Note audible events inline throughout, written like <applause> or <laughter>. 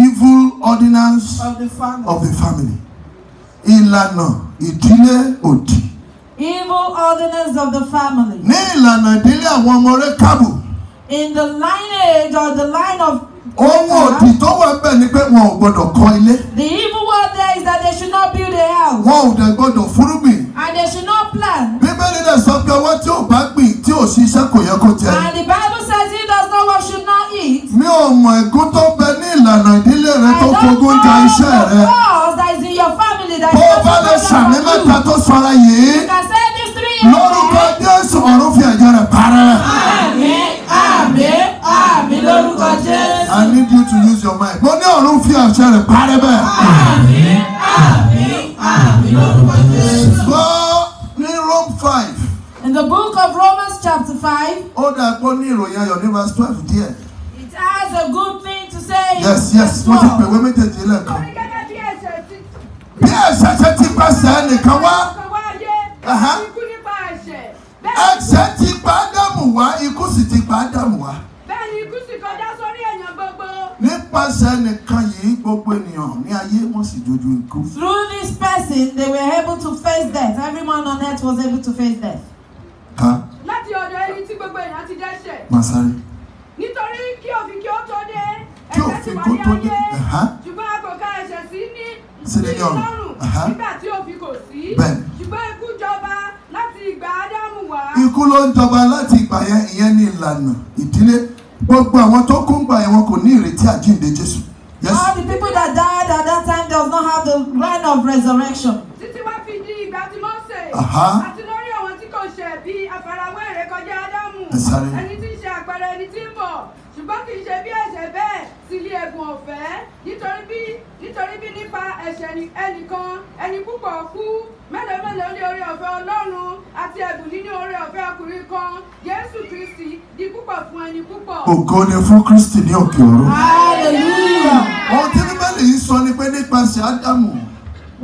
evil ordinance of the family. Of the family. Ìlànà ìdílé òdì. Evil ordinance of the family. Ní ìlànà ìdílé àwọn ọmọ Rékàbù. In the lineage or the line of Ohun òdì tó wà bẹ́ẹ̀ ni pé wọn ò gbọdọ̀ kọ́ ilé. The evil word there is that they should not build a house. Wọn ò dẹ̀ gbọdọ̀ fúrúgbìn. And they should not plant. Bíbélì náà sọ pé ọwọ́ tí ò bá gbìn tí ò ṣiṣẹ́ kò yẹ kó jẹ. And the Bible says he does not work should not eat. Mi ò mọ ègún tó bẹ ní ìlànà ìdílé rẹ tó fogún ja iṣẹ́ rẹ. I don't know the cause that is in your family that you don't know about. Bó o bá lè ṣàmì mẹ́ta tó sọra yìí. You can say these three. Lórúkọ Jésù ọ̀run fi ẹ̀jẹ̀ rẹ̀ parẹ́. Amen. Amen lórúkọ Jésù. I need you to use your mind. Mo ní ọ̀run fi àṣẹ rẹ̀ parẹ́ bẹ́ẹ̀. Àmín àmín àmín lórúkọ Jésù. Gbọ́ ní Rome five. In the book of Romans chapter five. Ó dàá pé ní ìròyìn ayọ̀ ní verse twelve díẹ̀. It has a good thing to say. Yes yes, mo ti pèwé méjèèjì lẹ́ẹ̀kan. Bí ẹ̀ṣẹ̀ ṣe ti bá sẹ́ẹ̀ nìkan wá. ẹ̀ṣẹ̀. ti pa Ádámù wá, ikú sì ti pa Ádámù wá nípasẹ̀ nìkan yìí gbogbo ènìyàn ní ayé wọ́n sì dojú ikú. through this person they were able to face death Every man on earth was able to face death. ká. láti ọ̀dọ̀ ẹni tí gbogbo èèyàn ti dẹ́ṣẹ̀. máa sáré. nítorí kí òfin kí ó tó dé ẹ̀ṣẹ̀ ti wà ní ayé ṣùgbọ́n a kò ka ẹ̀ṣẹ̀ sí ní ìlọrùn nígbà tí òfin kò sí ṣùgbọ́n ikú jọba láti ìgbà Ádámù wá. ikú ló ń jọba láti ìgbà yẹn ìyẹn ní ìlànà ìdílé gbogbo àwọn tó kú ńgbà yẹn wọn kò ní ìrètí àjíǹde Jésù. Yes. All the people that died at that time does not have the line of resurrection. Títí wá fi di ìgbà tí Mósè. Àti lórí àwọn tí kò ṣẹ̀ bí àfarawé rẹ̀ kọjá Ádámù. Ẹni tí ń ṣe àpẹẹrẹ ẹni tí ń bọ̀ ṣùgbọ́n kì í ṣe bí ẹ̀ṣẹ̀ bẹ́ẹ̀ sílé ẹ̀bùn ọ̀fẹ́ nítorí bí nítorí bí nípa ẹ̀ṣẹ̀ ẹnìkan ẹni púpọ̀ kú mélòó mélòó ní oore ọ̀fẹ́ ọlọ́run àti ẹ̀bùn nínú oore ọ̀fẹ́ ọkùnrin kan Jésù Kristi di púpọ̀ fún ẹni púpọ̀. ògo ni fún Kristi ní òkè ọ̀run. hallelujah. ohun tí bíbélì yìí sọ ni pé nípasẹ̀ Ádámù.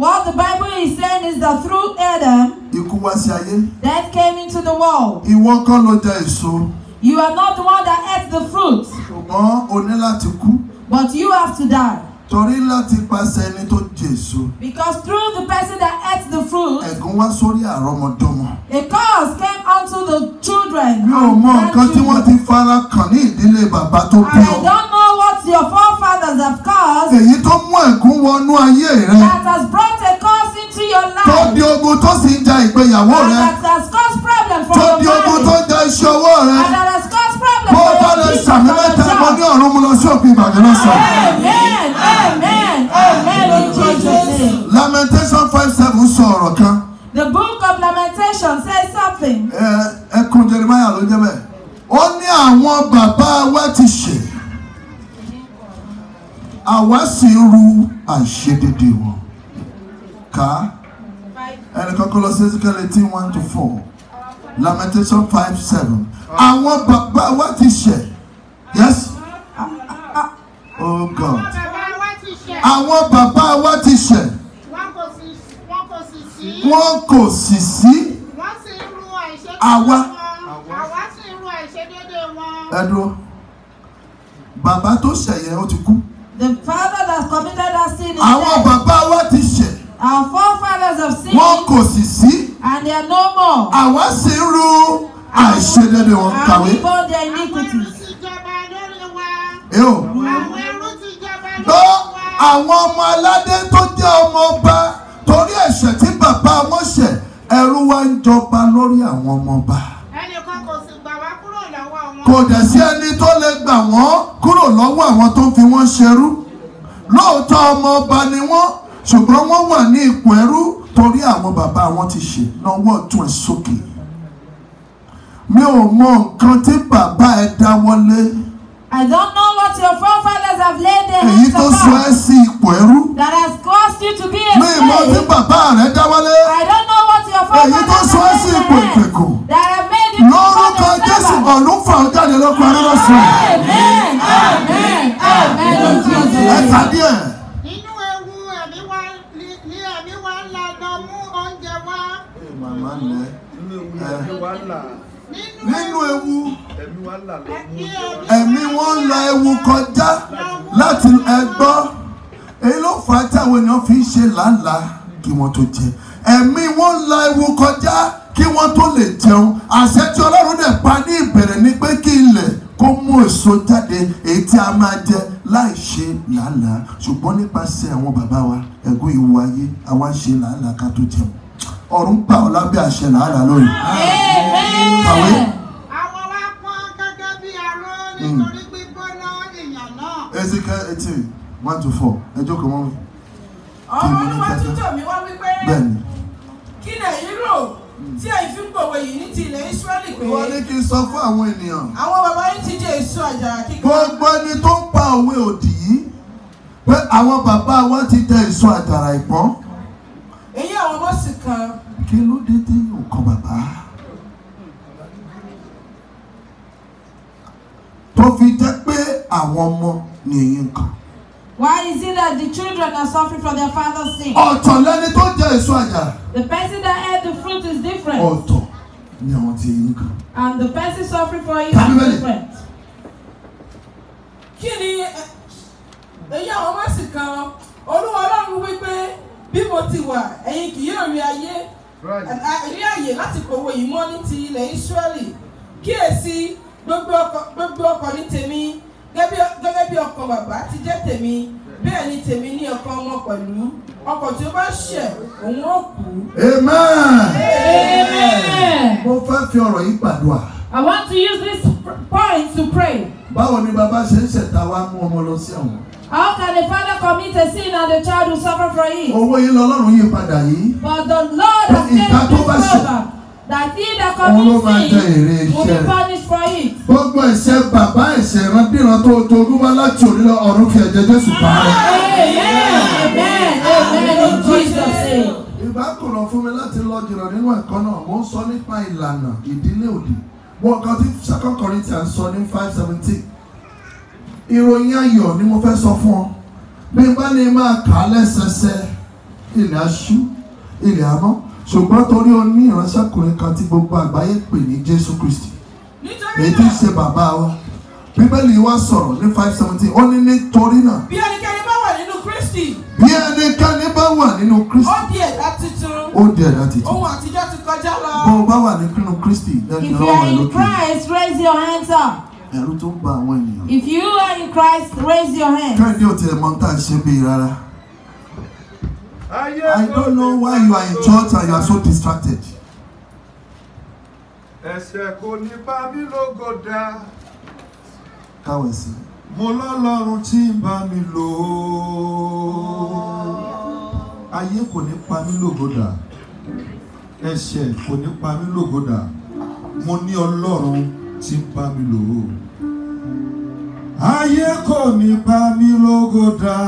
What the Bible is saying is that through Adam, ikú wá sí ayé, death came into the world. Ìwọ kọ́ ló jẹ èso. You are not the one that ate the fruit. Ṣùgbọ́n o ní láti kú. But you have to die. Torí láti pasẹ̀ ẹni tó Jésù. Because through the person that ate the fruit. Ẹ̀gún wá sórí àrọ́mọdọ́mọ. A curse came unto the children. Mi ò mọ nǹkan tí wọ́n ti fara kàn ní ìdílé bàbá tó bí ọ. I don't know what your forefathers have caused. Èyí tó mú ẹ̀gún wọnú ayé rẹ. That has brought a cause tó di ogun tó sì ń ja ìgbéyàwó rẹ. that has caused problem for your marriage. tó di ogun tó ja iṣẹ́ owó rẹ. that has caused problem for your business. bó o bá lè sàmì mẹ́ta mo ní ọ̀run mu lọ sí òkè ìbàdàn lọ́sàn. amen amen amen in Jesus lamentation five seven sọ ọ̀rọ̀ kan. the book of lamentation says something. ẹ ẹ kun jeremiah ló jẹ bẹ́ẹ̀ ó ní àwọn bàbá wa ti ṣe àwa sì ń ru àìṣedéédéé wọn ká ẹnìkan kọ́ lọ sí Ezekiel eighteen one to four Lamentation five seven àwọn bàbá wa ti ṣẹ̀ yes oh God àwọn bàbá wa ti ṣẹ̀ wọn kò sì sí àwa ẹdúró bàbá tó ṣẹ̀ yẹn ó ti kú. The father that committed that sin is dead. àwọn bàbá wa ti ṣẹ̀. Our forefathers have seen. Wọ́n kò sì sí. And they are no more. Àwọn sì ń ru àìṣedédé wọn kàwé. And we bore their iniquities. Àwọn ẹrú ti jọba lórí wa. Àwọn ọmọ aládé tó jẹ́ ọmọ ọba torí ẹ̀ṣẹ̀ tí bàbá wọn ṣẹ̀ ẹrú wa ń jọba lórí àwọn ọmọ ọba. Ẹnìkan kò sì gbà wá kúrò lọ́wọ́ àwọn. Kò dẹ̀ sí ẹni tó lè gbà wọ́n kúrò lọ́wọ́ àwọn tó ń fi wọ́n ṣerú. Lóòótọ́ ọmọ ọba ni wọ́n ṣùgbọ́n wọ́n wà ní ipò ẹrú torí àwọn bàbá wọn ti ṣe lọ́wọ́ ọ̀tún ẹ̀ sókè mi ò mọ nǹkan tí bàbá ẹ dáwọ́lé. I don't know what your forefathers have laid their hands upon. Èyí tó sọ ẹ́ sí ipò ẹrú. That has caused you to be a slave. Mi ò tí bàbá rẹ dáwọ́lé. I don't know what your forefathers have laid their hands. Èyí tó sọ ẹ́ sí ipò ìpẹ̀kọ̀. That have made you to be a slave. Lórúkọ Jésù ọ̀lú fà ọ́ jáde lọ́kọ̀ arẹ́rọ̀ sùn. Amen. Amen. Amen. Ẹ tàbí nínú ewu ẹ̀mí wọn la ewu kọjá láti ẹgbọ́ èyí ló fà á tí àwọn èèyàn fi ń ṣe làálàá kí wọ́n tó jẹ ẹ̀mí wọn la ewu kọjá kí wọ́n tó lè jẹun àṣẹ tí ọlọ́run dẹ̀ pa ní ìbẹ̀rẹ̀ ni pé kí ilẹ̀ kó mú èso jáde èyí tí a máa jẹ láì ṣe làálàá ṣùgbọ́n nípasẹ̀ àwọn bàbá wa ẹ̀gún ìwọ ayé àwa ṣe làálàá ká tó jẹun ọ̀run pa ọ́ lábẹ́ àṣẹ làálà lórí. kàwé. àwọn wa pọ́n gẹ́gẹ́ bí aró hmm. nítorí gbígbóná èèyàn náà. Ezekiel eighteen one to four ẹ jókòó mọ́. ọmọ olúwa tútù mi wá wípé kí lẹ́yìn rò tí èyí fi ń pòwe yìí ní ti ilẹ̀ Ísírẹ́lì pé. wọ́n ní kí n sọ fún àwọn ènìyàn. àwọn bàbá yìí ti jẹ èso àjàrà kíkan. gbogbo ẹni tó ń pa òwe òdì yìí pé àwọn bàbá wa ti jẹ èso àjàrà ìpọ́n eyín àwọn ọmọ sì kan. kí ló dé tí yóò bàbá. tó fi jẹ́ pé àwọn ọmọ ni èyí kan. Why is it that the children are suffering from their father's sin? Ọ̀tọ̀ lẹni tó jẹ èso àjàrà. The person that ate the fruit is different. Ọ̀tọ̀ ni àwọn tí èyí kan. And the person suffering for you is different. Kí ni eh, èyí àwọn ọmọ sì kan? Olúwa Ọlọ́run wí bí mo ti wà ẹ̀yin kì yóò rí ayé rí àyè láti pòwò yìí mọ́ ní ti ilẹ̀ Ísírẹ́lì kíyèsí gbogbo ọkọ̀ ní tèmi gẹ́gẹ́ bí ọkọ̀ bàbá ti jẹ́ tèmi bẹ́ẹ̀ ni tèmi ní ọkọ̀ ọmọ pẹ̀lú ọkọ̀ tí ó bá ṣẹ̀ òun ó kú. amen. mo fẹ́ fi ọ̀rọ̀ yìí pàdùà. I want to use this point to pray. báwo ni bàbá ṣe ń ṣẹ̀ta wá mú ọmọ lọ sí ọ̀hún. How can the father commit a sin and the child will suffer for it? Owó yín lọ́lọ́run yí padà yìí. But the Lord has made it discover that he that commits sin will be punished for it. Gbogbo ẹ̀ṣẹ̀ bàbá ẹ̀ṣẹ̀ ìrandíran tó torú wá láti òní lọ ọ̀run fi ẹ̀jẹ̀ Jésù pa á. Amen amen amen in Jesus name. Ìbá kò lọ fún mi láti lọ jìnnà nínú ẹ̀kọ́ náà, mo ń sọ nípa ìlànà ìdílé òdì. Wọ́n kan tí Second Corinthians sọ ní five seventeen ìròyìn ayọ̀ ni mo fẹ́ sọ fún ọ bí n bá ní máa kà á lẹ́sẹsẹ ilẹ̀ aṣú ilẹ̀ àmọ́ ṣùgbọ́n torí o ní ìránṣẹ́kùnrin kan tí gbogbo àgbáyé pè ní Jésù Kristi èyí tí í ṣe bàbá wa bíbélì wa sọ̀rọ̀ ní five seventeen ó ní nítorí náà. bí ẹnikẹ́ni bá wà nínú Kristi. bí ẹnikẹ́ni bá wà nínú Kristi. ó di ẹ̀dá tuntun. ó di ẹ̀dá tuntun. ohun àtijọ́ ti kọjá lọ. bó o bá wà nínú Kristi. if you are in Christ raise your hands up ẹ̀rù tó ń bà àwọn ènìyàn. if you are in Christ raise your hand. kẹ́hìndé ò tilẹ̀ mọ̀ ní tá ṣe bíi rárá. I don't know why you are in church and you are so distracted. ẹ̀ṣẹ̀ kò ní bá mi lógo dá. káwé sí i mo lọ́lọ́run tí ń bá mi lò ó ayé kò ní pa mí lògódà ẹ̀ṣẹ̀ kò ní pa mí lògódà mo ní ọlọ́run ti bá mi lò ó. Ayé kò ní bá mi lógo dá.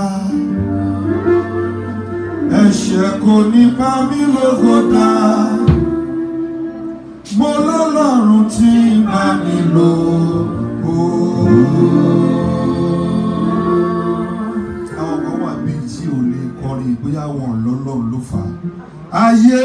Ẹ̀ṣẹ̀ kò ní bá mi lógo dá. Mo lọ́lọ́run tí ń bá mi lò ó. Àwọn kan wà bíi tí ò lè kọrin bóyá wọn ló fà Ayé!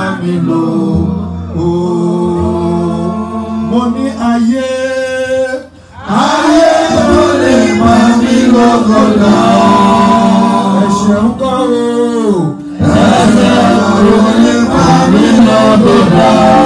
bá mi lò ó. Mo ní ayé. Ayé ló lè bá mi lọ́gọ̀ náà. Ẹ̀ṣẹ̀ ń kọ́ o. Ẹ̀ṣẹ̀ ló lè bá mi lọ́gọ̀ náà.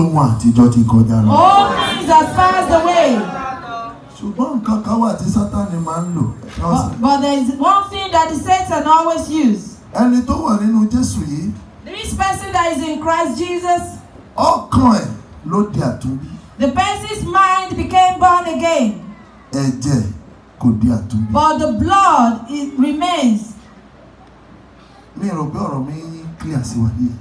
ohun àtijọ́ ti kọjá lọ. all things have passed away. ṣùgbọ́n nǹkan kan wà tí sátani máa ń lò. but there is one thing that the Satan always use. ẹni tó wà nínú Jésù yìí. this person that is in Christ Jesus. ọkàn ẹ̀ ló di àtúnbí. the person's mind became born again. ẹ̀jẹ̀ kò di àtúnbí. but the blood it remains. mi rò pé ọ̀rọ̀ mi clear sí wa yìí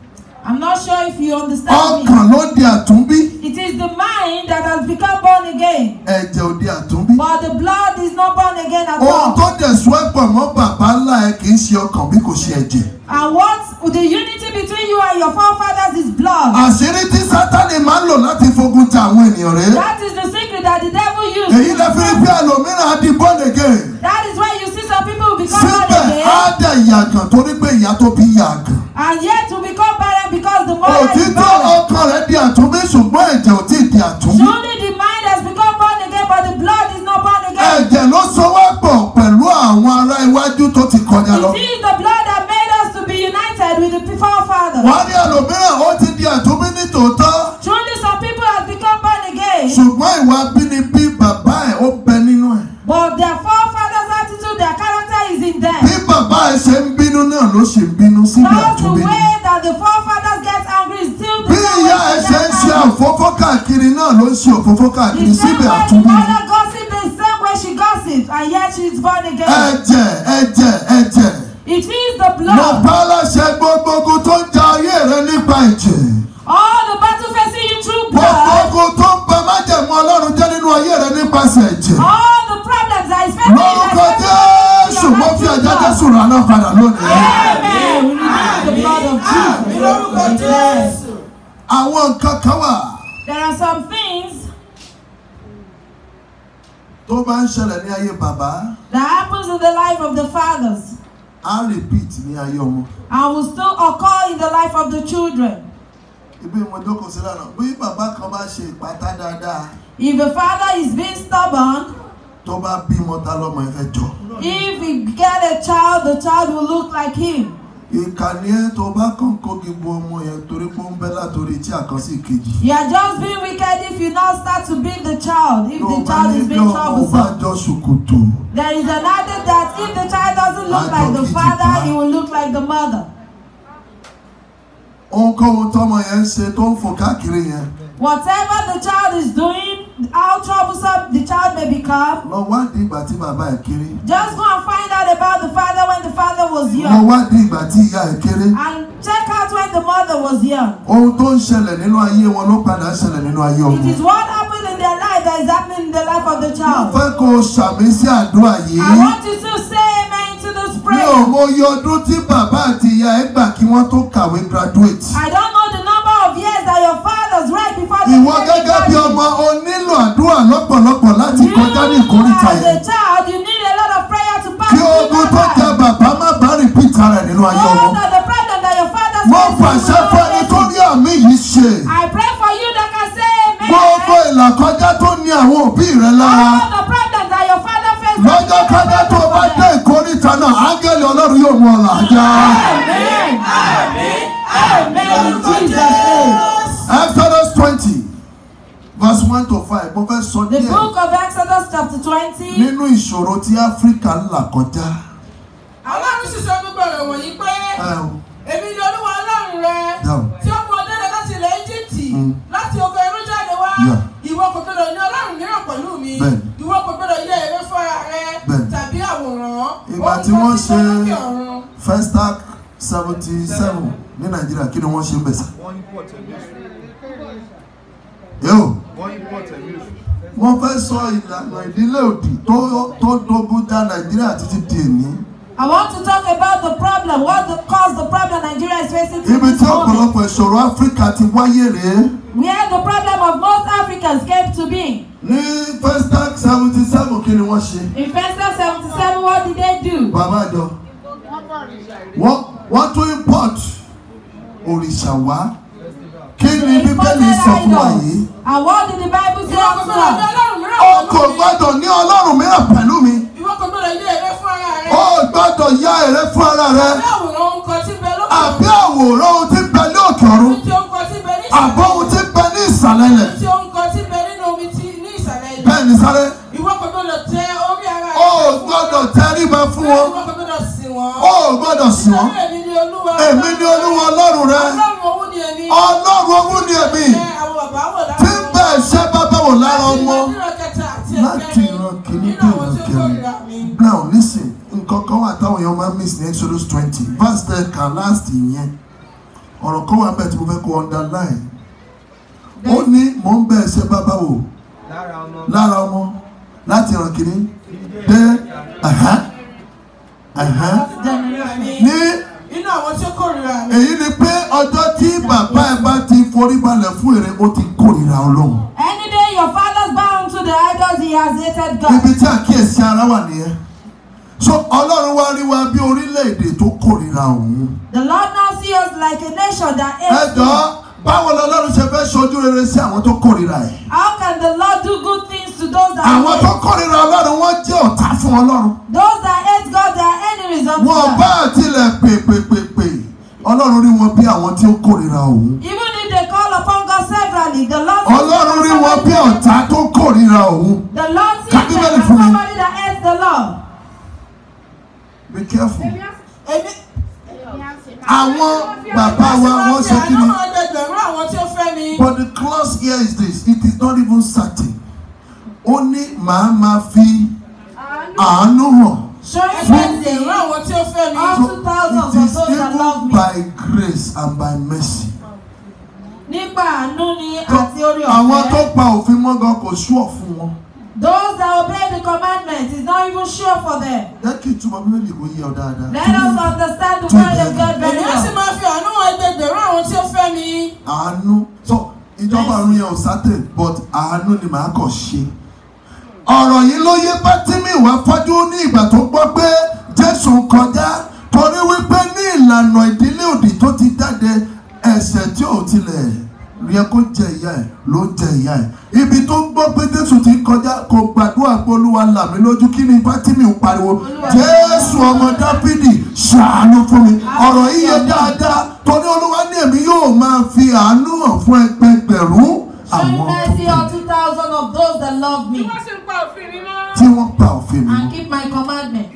sure if you understand me. ọkàn ló di àtúnbí. it is the mind that has become born again. ẹ̀jẹ̀ ò di àtúnbí. but the blood is not born again at all. ohun tó dẹ̀sùn ẹ̀pọ̀ mọ́ bàbá ńlá ẹ kì í ṣe ọkàn bí kò ṣe ẹ̀jẹ̀. and what the unity between you and your forefathers is blood. àṣírí tí sátani máa ń lò láti fogun ta àwọn ènìyàn rẹ. that is the secret that the devil used. èyí lè fi rí á di born again. that is why you see some people become born again á dẹ̀ yàgàn torí pé ìyá tó bí yàgàn. and yet to become barren because the mother is barren. òtítọ́ ọkàn rẹ̀ di àtúnbí ṣùgbọ́n ẹ̀jẹ̀ ò tí ì di àtúnbí. surely the mind has become born again but the blood is not born again. ẹ̀jẹ̀ ló so wá pọ̀ pẹ̀lú àwọn ará iwájú tó ti kọjá lọ. disease convoca une cible à dáadáa. If the father is being stubborn. Tó bá bímọ ta lọ́mọ ẹ If he get a child, the child will look like him. Ìkànnì ẹ tó bá kàn kógi bu ọmọ yẹn torí pé ó ń bẹ́ látòrí tí àkànṣe kejì. You are just being wicked if you now start to beat the child if the child is being troublesome. Ló bá jọ ṣòkòtò. There is an adage that if the child doesn't look like the father, he will look like the mother. Ohunkóhun tọ́mọ yẹn ń ṣe tó ń fò káàkiri yẹn. Whatever the child is doing, how troublesome the child may become. Lọ wádìí ìgbà tí bàbá ẹ̀ kéré. Just go and find out about the father when the father was young. Lọ wádìí ìgbà tí ìyá ẹ̀ kéré. And check out when the mother was young. Oh Ohun tó ń ṣẹlẹ̀ nínú ayé wọn ló padà ń you know I ọmọ. It is what happened in their life that is happening in the life of the child. Mo fẹ́ kó o ṣàmì sí àdúrà I want you to say amen to this prayer. no, ò mọ iye ọdún tí bàbá àti ìyá ẹ̀ gbà kí wọ́n tó kàwé graduate. I don't know the number years that your fathers right before the ìwọ gẹ́gẹ́ bí ọmọ o nílò àdúrà lọ́pọ̀lọpọ̀ láti kọjá ní ìkórìtà yìí. you need a lot of prayer to kí ogun tó jẹ bàbá má bá rìn pìtà rẹ̀ nínú ayé ọmọ. the problem that your fathers mo pàṣẹ fún ẹni tó rí àmì yìí ṣe. I pray for you that can say amen. gbogbo ìlàkọjá tó ní àwọn òbí rẹ lára. the problem that your father face. lọ́jọ́ kájá tó bá dé ìkórìtà náà áńgẹ́lì ọlọ́run yóò mú ọ làjá. Exodus 20, verse 1 to 5, The book of Exodus chapter 20. Nínú ìṣòro tí Áfíríkà ń là kọjá. Ọlọ́run sì gbogbo ọ̀rọ̀ wọ̀nyí pé èmi ni Olúwa Ọlọ́run rẹ tí ó mú ọdẹ rẹ láti ilẹ̀ Íjíbítì mm. láti oko ẹrú jáde wá. Ìwọ kò gbọdọ̀ ní Ọlọ́run mìíràn pẹ̀lú mi. Ìwọ kò gbọdọ̀ yẹ ère fún ara rẹ tàbí àwòrán. Ìgbà tí wọ́n ṣe Festac seventy seven ní nàìjíríà kí ni wọ́n ṣe ń bẹ̀ sá. yóò wọ́n fẹ́ sọ ìlànà ìdílé òdì tó dogun ja nàìjíríà títí di èní. I want to talk about the problem, what the cause the problem Nigeria is facing today. Ibi tí ọ̀pọ̀lọpọ̀ ìṣòro Áfíríkà ti wáyé rèé. Where the problem of most Africans came to be. Ní Festac seventy seven kí ni wọ́n ṣe? In Festac seventy seven what did they do? Bàbá àjọ. Wọ́n wọ́n tún import òrìṣà wá kí ni bíbélì sọ fún wa yìí. àwọn ni the bible say ọkọ gbọ́dọ̀ ní ọlọ́run mìíràn. o kò gbọ́dọ̀ ní ọlọ́run mìíràn pẹ̀lú mi. ìwọ kò gbọ́dọ̀ yá ère fún ara rẹ. o gbọ́dọ̀ yá ère fún ara rẹ. àbí àwòrán ohun tí bẹ ní òkè ọ̀run. àbọ̀ ohun tí bẹ ní ìsàlẹ̀ lẹ̀. bẹ́ẹ̀ ni sáré. ìwọ kò gbọ́dọ̀ tẹ orí ara rẹ. o gbọ́dọ̀ tẹríba ó gbọ́dọ̀ sàn èmi ni olúwa ọlọ́run rẹ ọlọ́run ogun ni èmi tí ń bẹ ẹ̀ṣẹ̀ bàbá wò lára ọmọ láti ìran kìíní dé ìran kẹrin now listen nǹkan kan wà táwọn èèyàn máa ń miss ní exodus twenty verse ten kan last yẹn ọ̀rọ̀ kan wà bẹ́ẹ̀ tí mo fẹ́ kó underline ó ní mò ń bẹ ẹ̀ṣẹ̀ bàbá wò lára ọmọ láti ìran kìíní dé ní èyí ni pé ọjọ́ tí bàbá ẹ bá ti forí balẹ̀ fún èrè ó ti kórìíra Ọlọ́run. any day your fathers bound to the idols he has hated God. ibi tí àkíyèsí ara wà nìyẹn. So Ọlọ́run wá rí wa bí orílẹ̀-èdè tó kórìíra òun. The Lord now see us like a nation that hates. Ẹ jọ̀ọ́ báwo lọ́lọ́run ṣe fẹ́ ṣojú rere sí àwọn tó kórìíra ẹ̀. how can the Lord do good things to those that. àwọn tó kórìíra ọlọ́run wọ́n jẹ́ ọ̀tá fún ọlọ́run. those that hate God they are enemies of God. wọn bá àtìlẹ̀ pèpèpèpè ọlọ́run rí wọn bí àwọn tí ó kórìíra òun. even if they call upon God severally the Lord. ọlọ́run rí wọn bí ọ̀tá tó kórìíra òun. the Lord sees them as somebody that hates the Lord. be careful. Èmi àwọn bàbá wa wọ́n sọ kí ni. but the clause here is this it is not even certain ó ní màá máa fi àánú hàn. So it is even by grace and by mercy. Nípa àánú ni àti orí ọ̀fẹ́. Àwọn tó pa òfin mọ́gàn kò ṣúọ̀ fún wọn. Those that obey the commandments is not even sure for them. Let us understand the word of God very well. Èmi á sì máa fi àánú ẹgbẹgbẹ̀rún àwọn tí ó fẹ́ mi. Àánú so ìjọba àrùn yẹn ò certain but àánú ni màá kàn ṣe. Ọ̀rọ̀ yìí ló yé Bátímì wá fọ́jú ní ìgbà tó gbọ́ pé Jésù ń kọjá torí wípé ní ìlànà ìdílé òdì tó ti jáde ẹ̀ṣẹ̀ tí ò tilẹ̀ yẹ kó jẹ ìyá ẹ̀ ló jẹ ìyá ẹ̀. Ibi tó gbọ́ pé Jésù ti gbàdúrà pé olúwa là mí lójú kí ni ipá tí mi ń pariwo jésù ọmọ dáfídì ṣàánú fún mi ọ̀rọ̀ yíyẹ dáadáa torí olúwa ní èmi yóò máa fi àánú hàn fún ẹgbẹgbẹ̀rún àwọn tó kù tí wọ́n pa òfin mi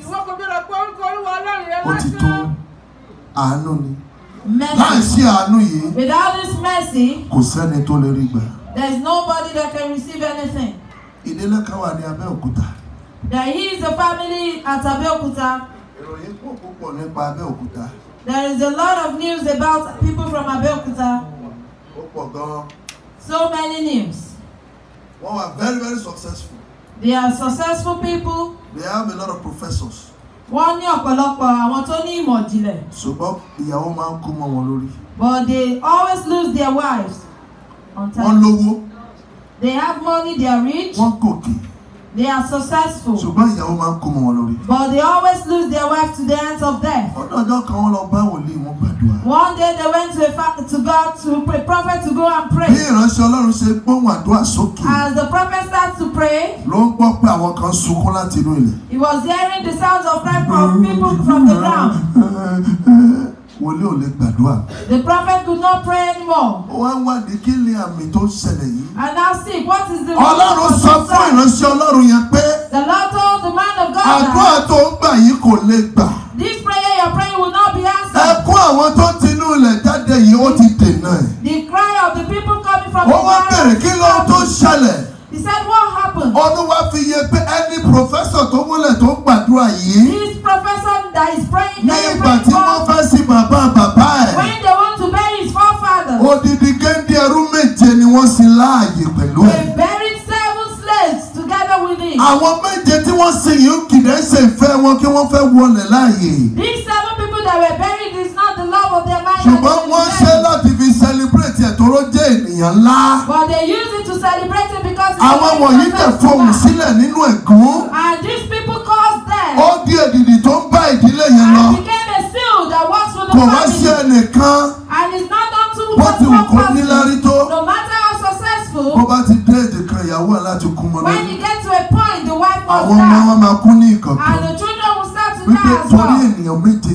ó ti tó àánú ni láì sí àánú yìí kò sẹ́ni tó lè rí gbà. There is nobody that can receive anything ìdílé kan wà ní Abẹ́òkúta. There is a family at Abẹ́òkúta. Ìròyìn pọ̀ púpọ̀ nípa Abẹ́òkúta. There is a lot of news about people from Abẹ́òkúta. Ó pọ̀ gan-an. So many names. Wọ́n wà very very successful. They are successful people. They have a lot of professors. Wọ́n ní ọ̀pọ̀lọpọ̀ àwọn tó ní ìmọ̀ ìjìnlẹ̀. Ṣùgbọ́n ìyàwó máa ń kú mọ́ wọn lórí. But they always lose their wives. Wọ́n lówó they have money they are rich. wọ́n gòkè. They are successful. Ṣùgbọ́n ìyàwó máa ń kó wọn lórí. But they always lose their wife to the hands of death. Ọdún ọjọ́ kan wọ́n lọ bá wòlíì wọn gbàdúrà. One day they went to, a to God to pray, prophet to go and pray. Bí ìránṣẹ́ Ọlọ́run ṣe gbóhùn àdúrà sókè. As the prophet starts to pray. Ló ń gbọ́ pé àwọn kan sunkún láti inú ilẹ̀. He was hearing the sound of cry from people from the ground. <laughs> wòlíì ò lè gbàdúrà. the prophet could not pray anymore. ó wá ń kí ni àmì tó ṣẹlẹ̀ yìí. and now see what is the. ọlọ́run sọ fún ìránṣẹ́ ọlọ́run yẹn pé. the Lord told the man of God. àdúrà tó ń gbà yìí kò lè gbà. this prayer your prayer, will not be answered. ẹkún àwọn tó ti inú ilẹ̀ jáde yìí ó ti dènà ẹ̀. the cry of the people coming from the. ó wá bẹ̀rẹ̀ kí lóhun tó ṣẹlẹ̀. He said, What happened? Olúwa fi yé pé ẹni professor tó múlẹ̀ tó gbàdúrà yìí. This professor that is praying. Ní ìgbà tí wọ́n fẹ́. wọ́n sin láàyè pẹ̀lú ẹ̀. they buried seven slaves together with him. àwọn méje tí wọ́n sin yìí kìdẹ́ ṣe ìfẹ́ wọn kí wọ́n fẹ́ wọlé láàyè. these seven people that were buried is not the love of their mind. ṣùgbọ́n wọ́n ṣe láti fi celebrate ẹ̀tọ́rọ́ jẹ́ ènìyàn ńlá. but they use it to celebrate it because. àwọn wọ̀nyí tẹ̀ fohùn sílẹ̀ nínú ẹ̀gún. and these people caused death. ó di èdìdì tó ń bá ìdílé yẹn lọ. became a seal that works for the family. kò wá sí ẹnìkan.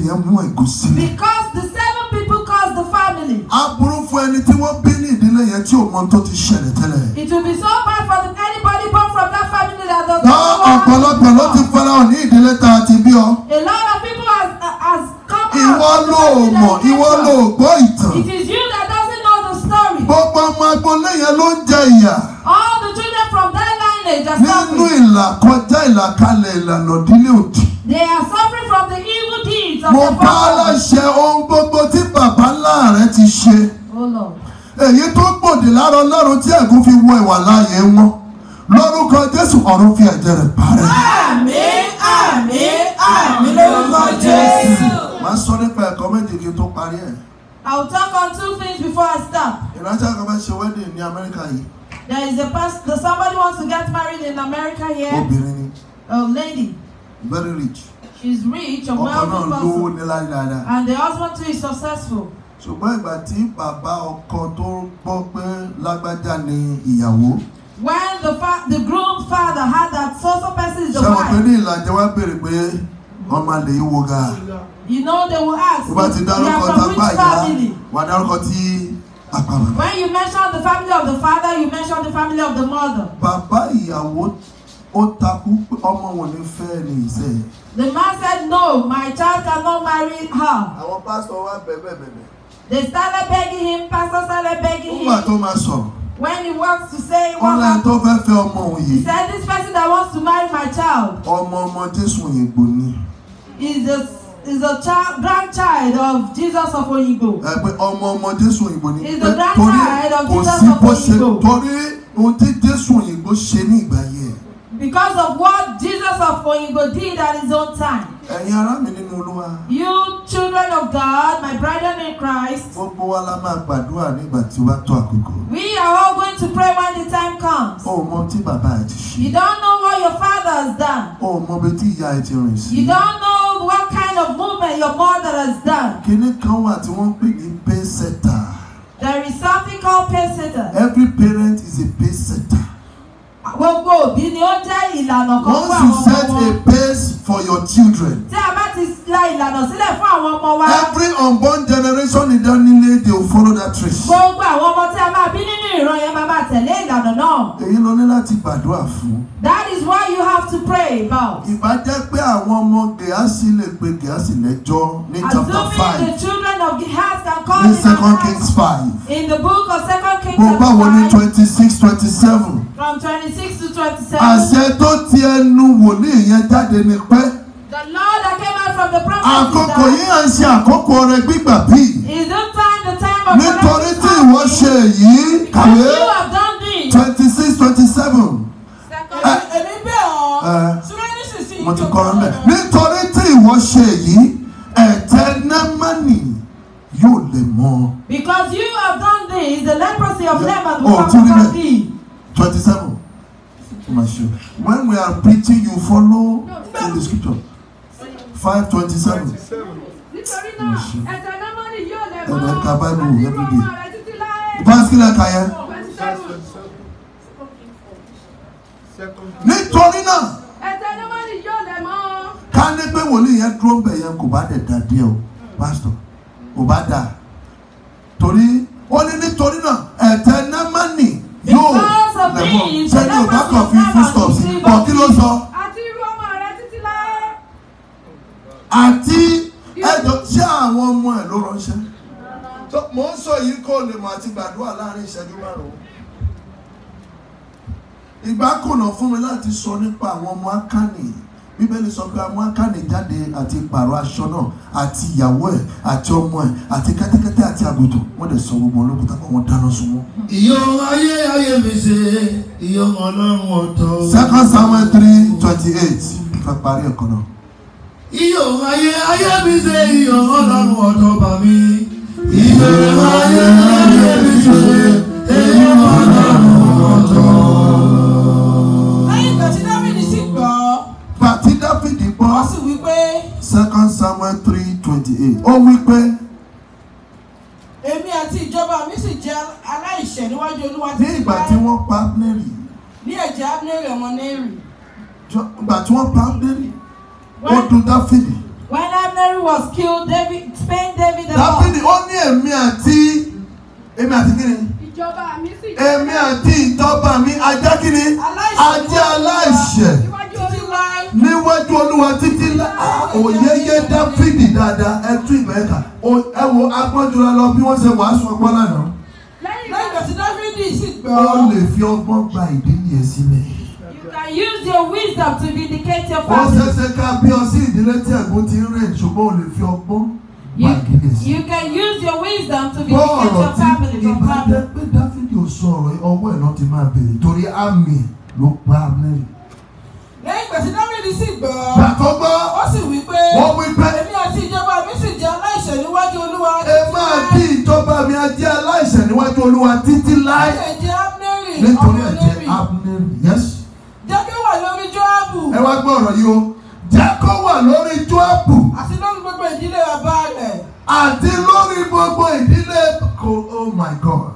yẹn mú ẹ̀gúsí. because the seven people caused the family. aburú fún ẹni tí wọ́n bí ní ìdílé yẹn tí òun tó ti ṣẹlẹ̀ tẹ́lẹ̀. it will be so bad for anybody born from that family that does not. lọ ọ̀pọ̀lọpọ̀ ló ti fara hàn ní ìdílé tá a bí ọ. a lot of people has uh, has come out. ìwọ ló mọ̀ ìwọ ló gbọ́ ìtàn. it is you that doesn't know the story. gbogbo ọmọ agboolé yẹn ló ń jẹ ìyà. all the children from that lineage are suffering. nínú ìlàkọjá ìlàkalẹ̀ ìlànà ìdílé ti ṣe oh, èyí tó gbòdì lára ọlọ́run tí ẹ̀gún fi wọ ìwà láàyè wọn lórúkọ jésù ọ̀run fi ẹ̀jẹ̀ rẹ̀ parẹ́. àmín àmín àmín lórúkọ jésù. màá sọ nípa ẹ̀kọ́ méjì tó parí ẹ̀. I will talk on two things before I start. ìrántí àgbà ṣe wedding ní Amẹ́ríkà yìí. There is a pastor somebody wants to get married in America here. obìnrin ni. a lady. very rich. She is rich ọkọ náà lówó ní dáadáa. and the husband too is successful ṣùgbọ́n ìgbà tí bàbá ọkọ tó gbọ́ pé lágbájá ni ìyàwó. when the fa the groom father had that so so person is the wife. ṣàwọn pé ìlàjẹ wá béèrè pé ọmọ àlè yìí wo ga. you know they will ask. tó bá dárúkọ tábà yá wà dárúkọ tí àpàmà. when you mention the family of the father you mention the family of the mother. bàbá ìyàwó ó takú pé ọmọ wọn ní fẹ́ ní ìṣe. the man said no my child cannot marry her. àwọn pásítọ̀ wa bẹ̀bẹ̀ bẹ̀bẹ̀. They started begging him, pastor started begging him. When he wants to say what happened. Ọlá tó He said this person that wants to marry my child. Is a is a child grandchild of Jesus of Oyinbo. Is the grandchild of Jesus of Oyinbo. Because of what Jesus of Oyinbo did at his own time. You children of God, my brethren in Christ. We are all going to pray when the time comes. You don't know what your father has done. You don't know what kind of movement your mother has done. There is something called setter. Every parent is a setter gbogbo òbí ni ó jẹ́ ìlànà kan fún àwọn ọmọ wọn space for your children. Tí a bá ti la ìlànà sílẹ̀ fún àwọn ọmọ wa. Every unborn generation in ìdánilé they will follow that trace. Gbogbo àwọn ọmọ tí a máa bí nínú ìran yẹn máa máa tẹ̀lé ìlànà náà. Èyí ló ní láti gbàdúrà fún. That is why you have to pray about. Ìbá jẹ́ pé àwọn ọmọ Gèásì lè pe Gèásì lẹ́jọ́ ní chapter five. Assuming the children of Gehaz can call in second kings five. in the book of second kings five. mo bá ní twenty six twenty seven. from twenty six to twenty seven. àṣẹ tó ti ẹnu wòlíì yẹn jáde jáde ni pé. The Lord that came out from the prophet. Àkókò yìí à ń ṣe àkókò rẹ gbígbà bí. Is this time the time of the prophet? Nítorí tí ìwọ ṣe èyí kàwé. you have done this. twenty six twenty seven. Eh. Èmi bẹ̀ ọ́. Eh. Ṣùgbọ́n nísinsìnyí. Mo ti kọ́ ọ́ mẹ́. Nítorí tí ìwọ ṣe èyí, ẹ̀tẹ́ námánì yóò lè mọ. Because you have done this, the leprosy of yeah. Oh, will come upon thee. twenty seven. Matthew. When we are preaching, you follow in the scripture. 527. Matthew. And I can buy every day. Basila Kaya. Nítorí náà. Ká ní pé wòlíì yẹn dúró ń bẹ̀ yẹn kò bá dẹ̀ dà díẹ̀ o, pásítọ̀, kò bá dà. Torí ìṣẹ́jú márùn-ún ìgbà kùnà fún mi láti sọ nípa àwọn ọmọ akánì bíbélì sọ pé àwọn akánì jáde àti pààrọ̀ aṣọ náà àti ìyàwó ẹ̀ àti ọmọ ẹ̀ àti kẹ́tẹ́kẹ́tẹ́ àti àgùntàn wọ́n dẹ̀ sọ gbogbo olókùn táwọn wọn dáná sun wọn. ìyó ayé ayé mi ṣe ìyó ọlọ́run ọ̀tọ̀. second samuel three twenty eight ká parí ẹ̀kọ́ náà. ìyó ayé ayé mi ṣe ìyó ọlọ́run ọ̀tọ̀ bàmí second samuel three twenty eight ó wí pé. èmi àti ìjọba mi sì jẹ́ aláìṣẹ̀ níwájú olúwa títí láì. ní ìgbà tí wọ́n pa abneri. ní ẹ̀jẹ̀ abneri ọmọ neri. ìgbà tí wọ́n pa abneri ó dùn dáfídì. When Abner was killed, David Spain David the Lord. Dáfídì ó ní èmi àti èmi àti kíni. Ìjọba mi sì jẹ́. Èmi àti ìjọba mi ajá kíni. Ajá aláìṣẹ̀. Níwájú Olúwa títí ah, òyeyé Dáfídì dáadáa ẹ tú ìgbà ẹ̀ka ẹ wo agbọ́njúra lọ bí wọ́n ṣe wàásù ọgbọ́n lánàá. Lẹ́yìn ìgbà tí Dáfídì sì gbọ́. Ó lè fi ọgbọ́n gba ìdílé ẹ̀ sílẹ̀ can use your wisdom to vindicate your family. ó you, you can use your wisdom to vindicate your family from problem. ló pa Ámẹ́lì. lẹ́yìn ìgbà tí dáfídì sì gbọ́. bàtọ́ gbọ́. ó sì wí pé. wọ́n wí pé. èmi àti ìjọba mi sì jẹ́ aláìṣẹ̀ níwájú olúwa. ẹ máa bí ìjọba mi á jẹ́ níwájú olúwa títí láì. nítorí ẹ̀jẹ̀ Ámẹ́lì. nítorí ẹ̀jẹ̀ Ámẹ́lì yes wà lórí Jóábù. ẹ wá gbọ́ ọ̀rọ̀ yìí o jẹ́ kó wà lórí Jóábù. àti lórí gbogbo ìdílé bàbá rẹ̀. àti lórí gbogbo ìdílé kò oh my God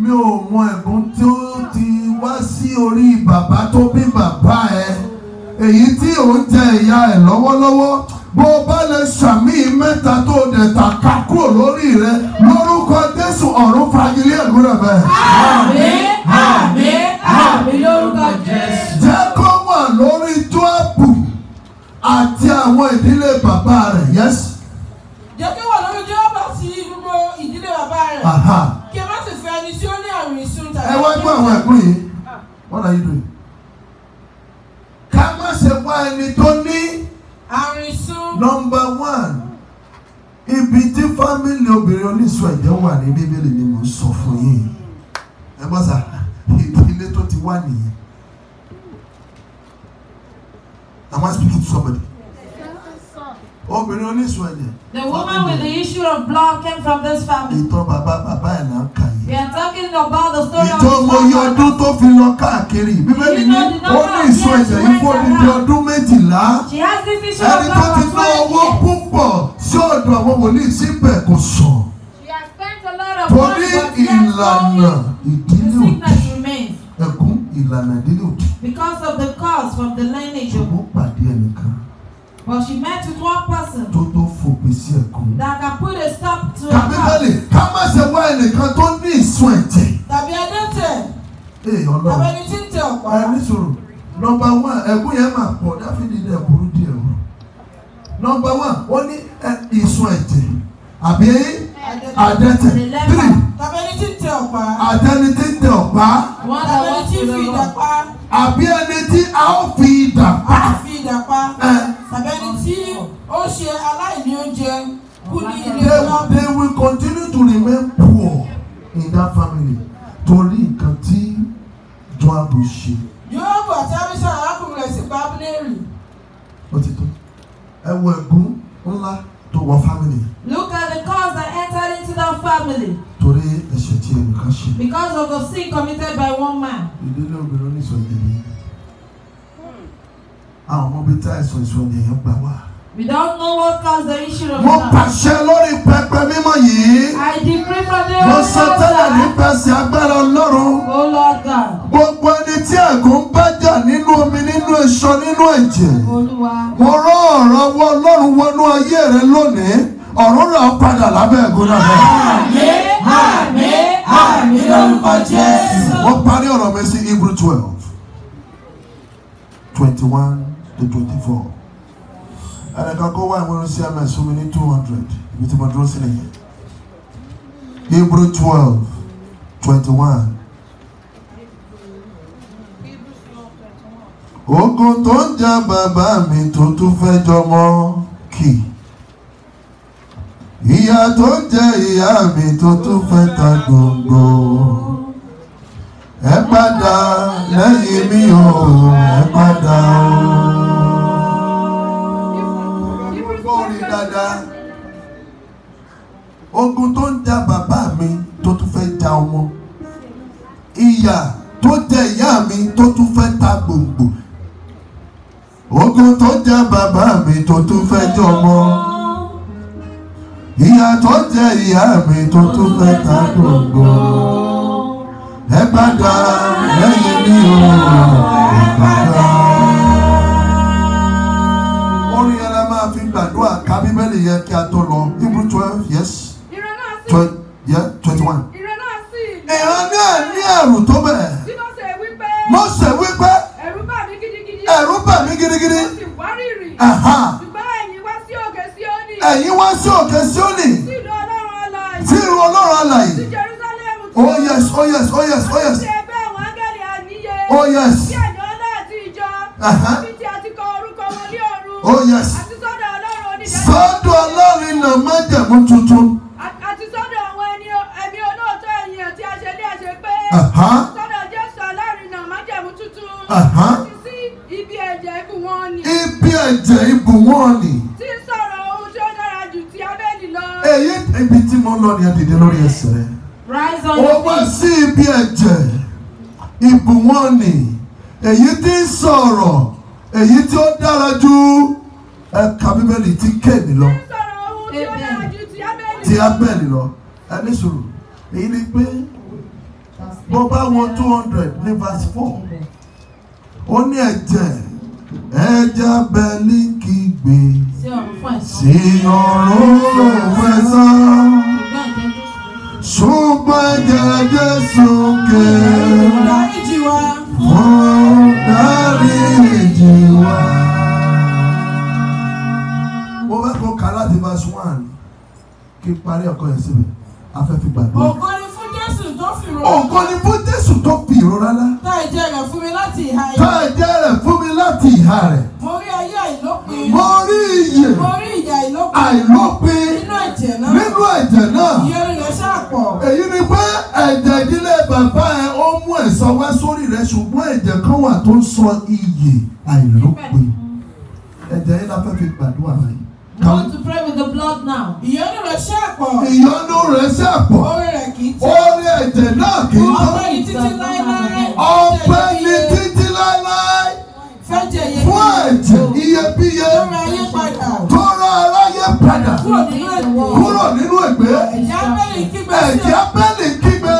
mi ò mọ ẹ̀bùn tí ó ti wá sí orí bàbá tó bí bàbá ẹ èyí tí ò jẹ ìyá ẹ lọ́wọ́lọ́wọ́ bó o bá lè sàmì mẹ́ta tó dẹ̀ ta ká kúrò lórí rẹ lórúkọ Jésù ọ̀run fagilé ẹ̀lú rẹ bẹ́ẹ̀. àmín àmín àmín lórúkọ Jésù. jẹ́ kó wà lórí Jóábù àti àwọn ìdílé bàbá rẹ̀ yẹ́sì. jẹ́ kí wà lórí Jóábù àti gbogbo ìdílé bàbá rẹ̀. kí ẹ má sì fẹ́ ẹni tí ó ní àrùn ìsun tàbí. ẹ wá gbọ́ àwọn ẹ̀kún yìí What are you doing? ká má ṣe wá ẹni tó ní number one ibi tí fámìlì obìnrin oníṣọ ẹ̀jẹ̀ wà ní bíbélì ni mo sọ fún yín ẹ bọ́ sà ìdílé tó ti wà nìyẹn am I speaking to somebody obìnrin oníṣù the woman with the issue of blood came from this family. ìtàn bàbá bàbá ẹ̀ náà kà yìí. we are talking about the story of his father. ìjọ oye ọdún tó fi lọ káàkiri bíbélì ní ó ní ìṣù ẹ̀jẹ̀ ọdún méjìlá. she has this issue of blood for twenty years. ẹni tó ti ná owó púpọ̀ sí ọ̀dọ̀ àwọn wòlíì síbẹ̀ kò sọ. she has spent a lot of money for care ìlànà ìdílé òdì ẹkún ìlànà ìdílé òdì. because of the cause from the lineage of. ṣùgbọ́n pàdé ẹnìkan. But she met with one person. Tó tó fòpin sí ẹ̀kún. That can put a stop to her. Tàbí bẹ́ẹ̀ni ká má ṣe wá ẹnìkan tó ní ìsun ẹ̀jẹ̀. Tàbí ẹ̀dẹ́tẹ̀. Èèyàn lọ. Tàbí ẹni tí ń tẹ ọ̀pá. Ẹ sòrò. Nọmba one ẹ̀gún yẹn máa pọ̀ dáfídì dẹ̀ burú díẹ̀ o. Nọmba one ó ní ìsun ẹ̀jẹ̀ àbí àdẹ́tẹ̀. Three. Tàbí ẹni tí ń tẹ ọ̀pá. Àtẹni tí ń tẹ ọ̀pá. Wọ́n tàbí tí ó ṣe aláìní oúnjẹ kú ní ilé wọn. they will continue to remain poor in that family torí nǹkan tí joabu ṣe. yóò bọ̀ tí abisa arákùnrin rẹ̀ sì pa abúlérì. ó ti tó ẹ wo ẹ̀gún ńlá tó wọ family. look at the cause that entered into that family. torí ẹ̀ṣẹ̀ tí ẹnìkan ṣe. because of the sin committed by one man. ìdílé obìnrin oníṣòwò ìdílé bí tí àìsàn ìṣòro yẹn gbà wá. We don't know what caused the issue of that. Mo pàṣẹ lórí pẹpẹ mímọ́ yìí. I decree for the Lord. Mo sọ tẹ́lẹ̀ nípasẹ̀ agbára Ọlọ́run. O oh, Lord God. Gbogbo ẹni tí ẹ̀gún bá jà nínú omi nínú iṣan nínú ẹ̀jẹ̀. Olúwa. Mo rán ọ̀rọ̀ wọ Ọlọ́run wọnú ayé rẹ lónìí. Ọ̀run rà ó padà lábẹ́ ẹ̀gún náà. Àmín àmín àmín lórúkọ Jésù. Mo parí ọ̀rọ̀ mi sí Hebrew twelve twenty one to 24. And I can go one when see I'm assuming 200 with my dressing here. Hebrew twelve, 12, 21. Ogun tó ń jà bàbá mi tó tún fẹ́ jọmọ́ kì. Ìyà tó ń jẹ ìyá mi tó tún fẹ́ ta gbòǹgbò ẹ padà lẹ́yìn mi o ẹ padà o. gbọ́ orin dáadáa ogun tó ń ja bàbá mi tó tún fẹ́ ja ọmọ ìyà tó jẹ ìyá mi tó tún fẹ́ ta gbòǹgbò ogun tó jẹ bàbá mi tó tún fẹ́ jọmọ ìyà tó jẹ ìyá mi tó tún fẹ́ ta gbòǹgbò ẹ padà lẹ́yìn mi ò ẹ padà. orin yẹn la máa fi gbàdúrà ká bíbélì yẹn kí a tó lọ hebrew twelve yes twenty one. ìran náà ní ẹ̀rù tó bẹ̀. Mósè wípé ẹ̀rù bà mí gidigidi. ẹ̀yin wá sí òkè ọ̀rọ̀ èyí tí ó dára jù fẹ́ fi gbàgbé. ògo ni fún Jésù tó fi ìrora. ògo ni fún Jésù tó fi ìrora lá. ta ẹ̀jẹ̀ rẹ̀ fún mi láti ìhà rẹ̀. ta ẹ̀jẹ̀ rẹ̀ fún mi láti ìhà rẹ̀. mo rí ayé àìlópin. mo rí iyè. mo rí ìyè àìlópin. àìlópin. nínú ẹ̀jẹ̀ náà. nínú ẹ̀jẹ̀ náà. iye rẹ̀ ṣàpọ̀. èyí ni pé ẹ̀jẹ̀ ìdílé bàbá ẹ ó mú ẹ̀san wá sórí rẹ̀ ṣùgbọ́n ẹ̀jẹ̀ kan wà tó ń sọ iyè àìlópin. ẹ̀jẹ̀ yìí la fẹ́ fi gbàdúrà rẹ̀. Now. I want to pray with the blood now. Ìyọ́nú rẹ̀ ṣe pọ̀. Ìyọ́nú rẹ̀ ṣe pọ̀. Orí rẹ̀ kì í tán. Orí ẹ̀jẹ̀ náà kì í tán. Ọpẹ́ ni títí láéláé. Ọpẹ́ ni títí láéláé. Fẹ́jẹ̀ iye bíye. Fún ẹ̀jẹ̀ iyebíye. Tó ra ayé padà. Tó ra aráyé padà. Kúrò nínú ègbé. Kúrò nínú ègbé. Ẹ̀jẹ̀ abẹ́lì kígbe. Ẹ̀jẹ̀ abẹ́lì kígbe.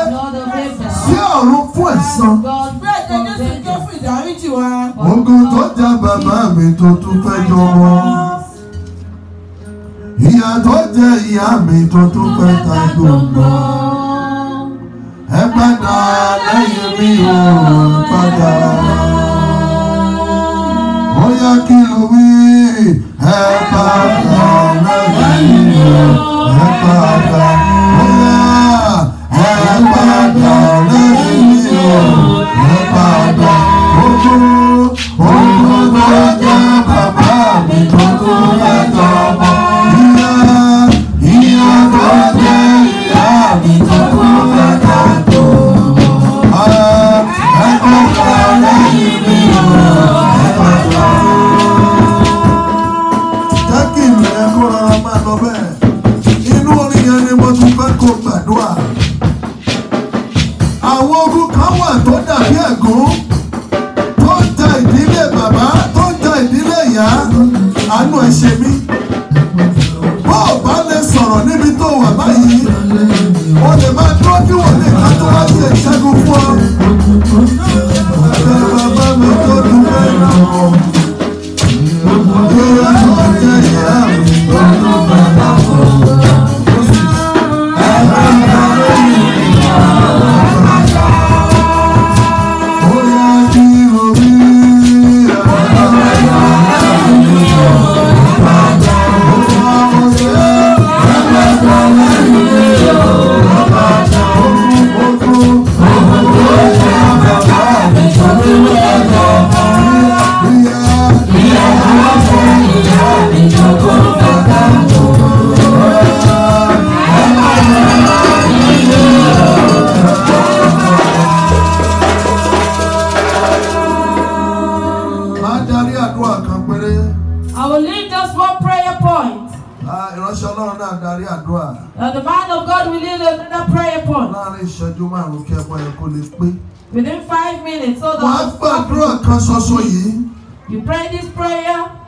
Sí ọ̀run fún ẹ̀san. Bẹ́ẹ̀ ni Jésù tó fìdáríjì wa. Ogun tó jà bàbá mi tó tún fẹ́ jọ wọn ìyá tó jẹ ìyá mi tó tún pẹ́ ta gbòǹgbò ẹ padà lẹ́yìn mi ò padà ó yá kí ló wí ẹ padà lẹ́yìn mi ẹ padà ó yá ẹ padà lẹ́yìn mi ò padà ó tún ó tún tó jẹ bàbá mi tó tún padà.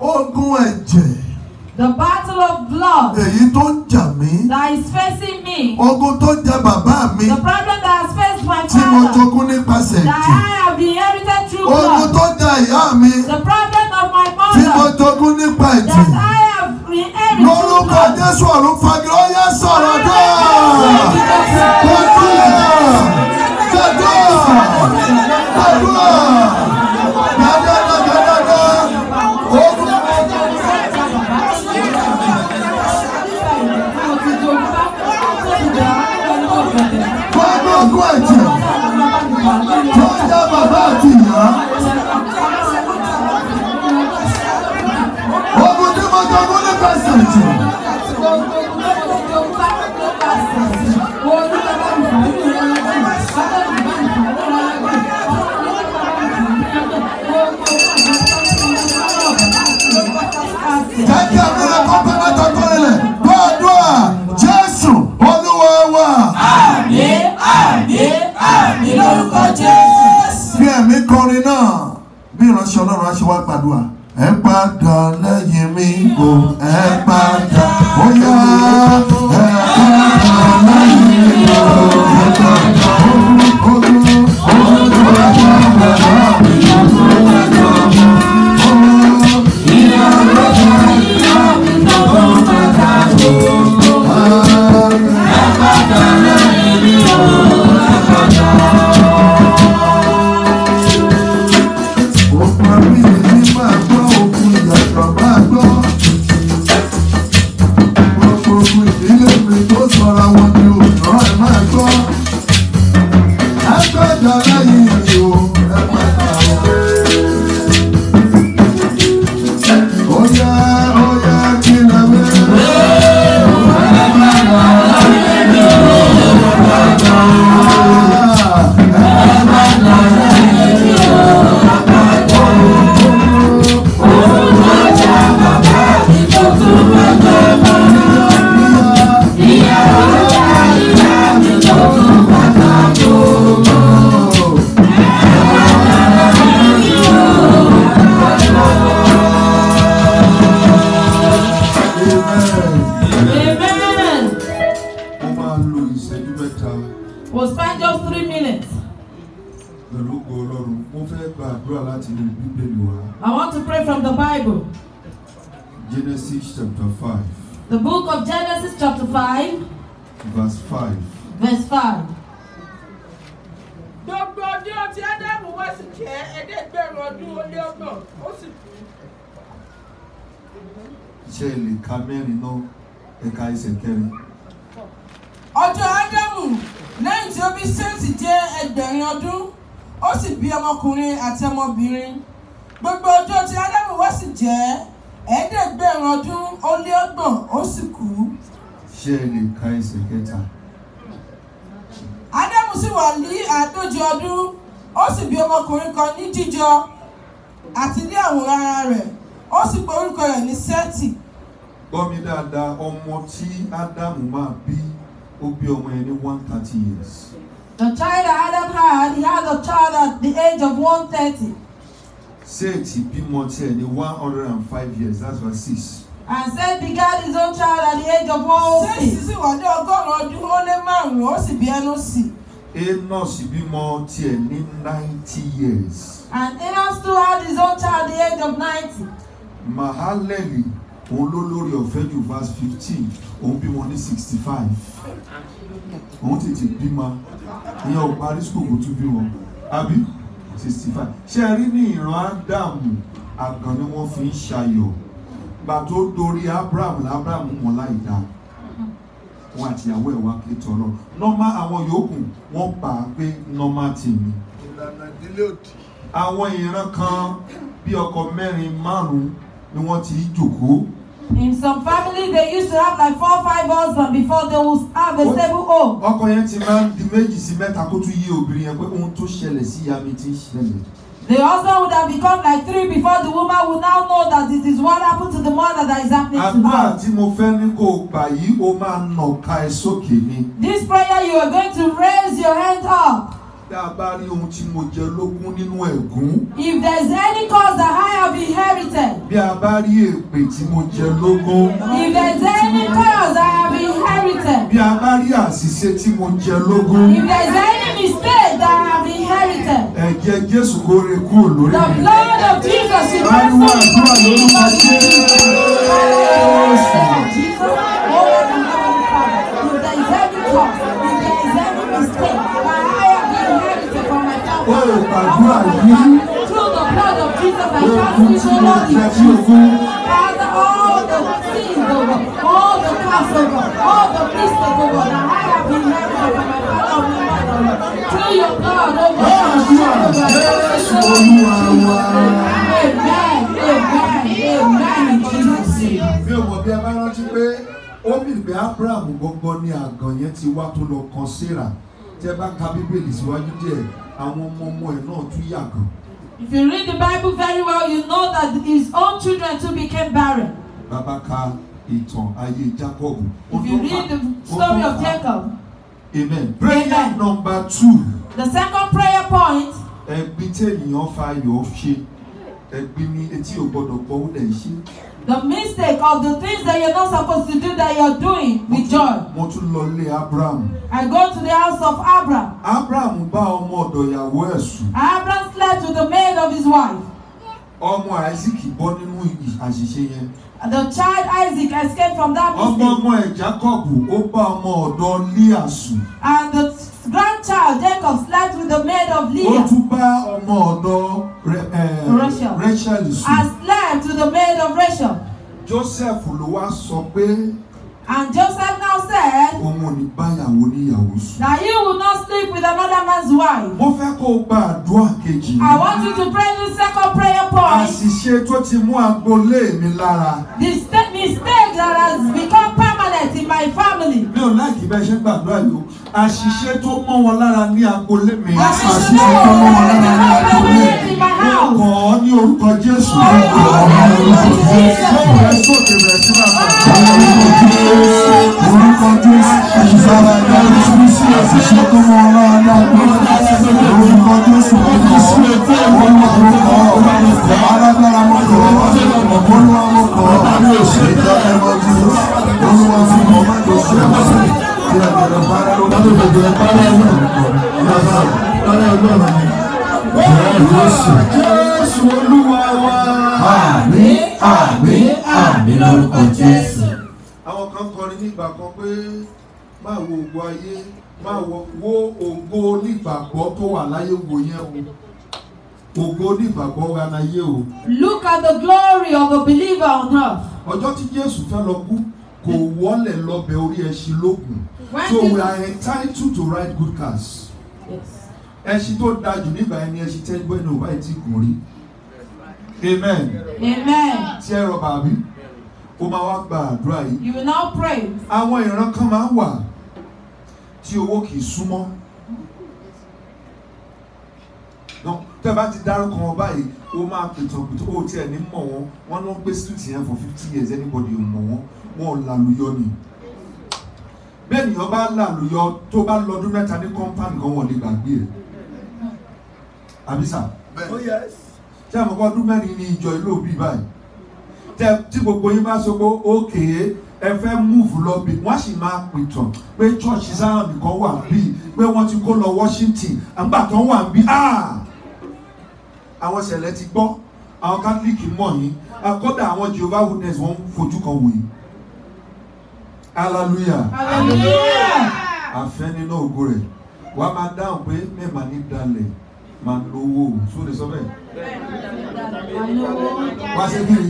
ogun ẹ̀jẹ̀. The battle of blood. Èyí tó ń jà mí. That is facing me. Ogun tó ń bàbá mi. The problem that has faced my father. Tí mo jogún nípasẹ̀ ẹ̀jẹ̀. That I have inherited through blood. Ogun tó ń ìyá mi. The problem of my mother. Tí mo jogún nípa ẹ̀jẹ̀. That I have inherited through blood. Lórúkọ Jésù ọ̀run fagi, ó yẹ sọ̀rọ̀ dáa. Gbàdúrà! Gbàdúrà! Gbàdúrà! kọ́sọ̀tì. jẹ́ kí abúlé kọ́pẹ́ mẹ́ta tó lélẹ̀ bọ́ àdúrà Jésù Olúwa wa. àmín àmín àmín lórúkọ Jésù. bí ẹ̀mí kọrin náà bí ìránṣẹ́ Ọlọ́run á ṣe wá gbàdúrà. ẹgbẹ̀rin ọdún ó sì bí ọmọkùnrin àti ọmọbìnrin gbogbo ọjọ́ tí ádámù wá sì jẹ́ ẹ̀ẹ́dẹ́gbẹ̀rin ọdún ó lé ọgbọ̀n ó sì kú. ṣé ẹ lè ka ẹsẹ̀ kẹta. ádámù sì wà ní àádóje ọdún ó sì bí ọmọkùnrin kan ní jíjọ àti ní àwòrán ara rẹ̀ ó sì pe rẹ̀ ní sẹ́tì. gbọ́ mi dáadáa ọmọ tí ádámù máa bí ó bí ọmọ ẹni one thirty years. The child Adam had, he had a child at the age of 130. Seth bímọ tiẹ̀ ní one hundred and five years that's what six. And Seth begat his own child at the age of one hundred and six. Seth sì wà ní ọgọ́rùn-ún ọdún ó lé márùn-ún ó sì bí ẹnu sí. Enos tiẹ̀ ní ninety years. And Enos too had his own child at the age of ninety. Mahaleli òun ló lórí ọ̀fẹ́ jù verse fifteen òun bímọ ní sixty-five òun tètè bímọ ìyẹn ò parí school kò tún bí wọn àbí sixty five ṣe rí ní ìran ádámù àgàn ni wọ́n fi ń ṣayọ̀ gbà dorí abraham labraham wọn láì dá wọn àtìyàwó ẹ̀ wá ké tọrọ nọ́mà àwọn yòókù wọ́n pa á pé nọ́mà tì mí. ìlànà ìdílé òdì. àwọn ìran kan bíi ọkọ mẹ́rin márùn ni wọ́n ti jókòó In some families, they used to have like four or five husbands before they would have a stable home. Ọkọ yẹn ti máa ń di méjì sí mẹ́ta kó tún yí obìnrin yẹn pé ohun tó ṣẹlẹ̀ sí ìyá mi ti ń ṣẹlẹ̀. The husband would have become like three before the woman would now know that it is what happened to the mother that is happening to her. Àdúrà tí mo fẹ́ ní kò gbà yìí, ó máa nà ká sókè ni. This prayer you are going to raise your hand up tá a bá rí ohun tí mo jẹ lógún nínú ẹ̀gún. if there's any cause that I have inherited. bí a bá rí èpè tí mo jẹ lógún. if there's any cause that I have inherited. bí a bá rí àṣìṣe tí mo jẹ lógún. if there's any mistake that I have inherited. ẹ̀jẹ̀ Jésù kò rè kúrò lórí mi. the blood of Jesus is my soul. ariwo àdúrà lórúkọ Jésù. Jesus, oh, there is every cause. wọn ò gbàdúrà yìí ogun tí mo jẹ sí ogún. All the sins over, all the past over, all the mistakes over that I have been left over my father of my mother. Through your God, oh God, oh God, Amen, amen, amen, Jesus. Mi ò mọ̀ bí ẹ bá rántí pé ó bì pé Abraham gbọ́ngbọ́n ní àgàn yẹn ti wá tó lọ kan Sarah tẹ bá ka Bíbélì síwájú díẹ̀ àwọn ọmọ ọmọ ẹ̀ náà tún yàgò. If you read the Bible very well, you know that his own children too became barren. Bàbá ka ìtàn ayé Jacob. If you read the story of Jacob. Amen. Prayer Amen. number two. The second prayer point. Ẹ̀gbin tí ènìyàn fa ayọ̀ ṣe. Ẹ̀gbin ni etí ò gbọdọ̀ gbọ́ ó lẹ̀ ṣe. The mistake of the things that you're not supposed to do that you're doing with joy. Mo tún lọ ilé Abraham. I go to the house of Abraham. Abraham bá ọmọ ọ̀dọ̀ ìyàwó ẹ̀ sùn. Abraham slept with the maid of his wife. Ọmọ Isaac bọ́ nínú àṣìṣe yẹn. The child Isaac escaped from that mistake. Ọmọ ọmọ Jacob ó bá ọmọ ọ̀dọ̀ Leah sùn. And the grandchild Jacob slept with the maid of Leah. Ó tún bá ọmọ ọ̀dọ̀ eh, Rachel sùn. And slept with the maid of Rachel. Joseph ló wá sọ pé. And Joseph now said. Ọmọ ní báyàwó níyàwó sùn. That you will not sleep with another man's wife. Mo fẹ́ kó o gba àdúrà kejì. I want you to pray the second prayer point. Àṣìṣe tó ti mú agboolé mi lára. The mistake that has become permanent in my family. Mi ò láì kí bẹ́ẹ̀ ṣe gbàdúrà yìí àṣìṣe tó mọ́ wọn lára ní agbolé mi àṣìṣe tó mọ́ wọn lára ní agbolé mi orúkọ ní orúkọ Jésù orúkọ ní orúkọ Jésù lọ́wọ́ ẹ sókè rẹ̀ sí bàbá orúkọ Jésù orúkọ Jésù ìṣàlà ìdájọ́ sí sí àṣìṣe tó mọ́ wọn lára ní agbolé mi orúkọ Jésù kìí sí ètò ìwọlọ́ orúkọ alágbára mọ́tò olúwa mọ́tò ọ̀tá ní òṣèlú ìjọba ẹ̀rọ Jésù olúwa fún ọmọdé òṣèlú ògo onígbàgbọ́ tó wà láyé o. Look at the glory of a believer on earth. Ọjọ́ tí Jésù fẹ́ lọ kú kò wọlé lọ́bẹ̀ orí ẹṣin lókun so we are entitled to ride good cars ẹṣin tó da jù nígbà ẹni ẹṣin tẹ́gbẹ́ ní òbá ìtì kùn rí amen amen tí ẹ rọba àbí o máa wá gba àdúrà yìí you will now pray àwọn ìran kan máa ń wà tí owó kì í súnmọ́ tẹ́ bá ti dárúkọ wọn báyìí ó máa pìtàn pìtàn ó tiẹ̀ ní mọ̀ wọn wọn ló ń gbé street yẹn for fifty years anybody ò mọ̀ wọn wọn ò làlùyọ ni bẹ́ẹ̀ ni ọba làlùyọ tó bá lọ́dún mẹ́ta ní kọ́ńpáàdì kan wọ́n lè gbàgbé ẹ̀ àbísà tí a mọ̀ pé ọdún mẹ́rin ni ìjọ ìlú òbí báyìí tí gbogbo yín bá sọ pé ókè ẹ fẹ́ múùfù lọ bí wọ́n sì máa pìtàn pé chọ́ọ̀ṣì sáà nìkan wà bí pé wọ́n ti kó lọ Washington àgbà tó wà bí ah! àwọn ṣẹlẹ̀ ti gbọ́ àwọn Catholic mọ̀ yín kódà àwọn Jehovah Witness wọ́n fojú kan wò hallelujah hallelujah àfẹ́ nínú ògo rẹ̀ wàá máa dáhùn pé mẹ́ẹ̀mà ní dalẹ̀ máa lówó sóde sọ bẹ́ẹ̀. wá sí kí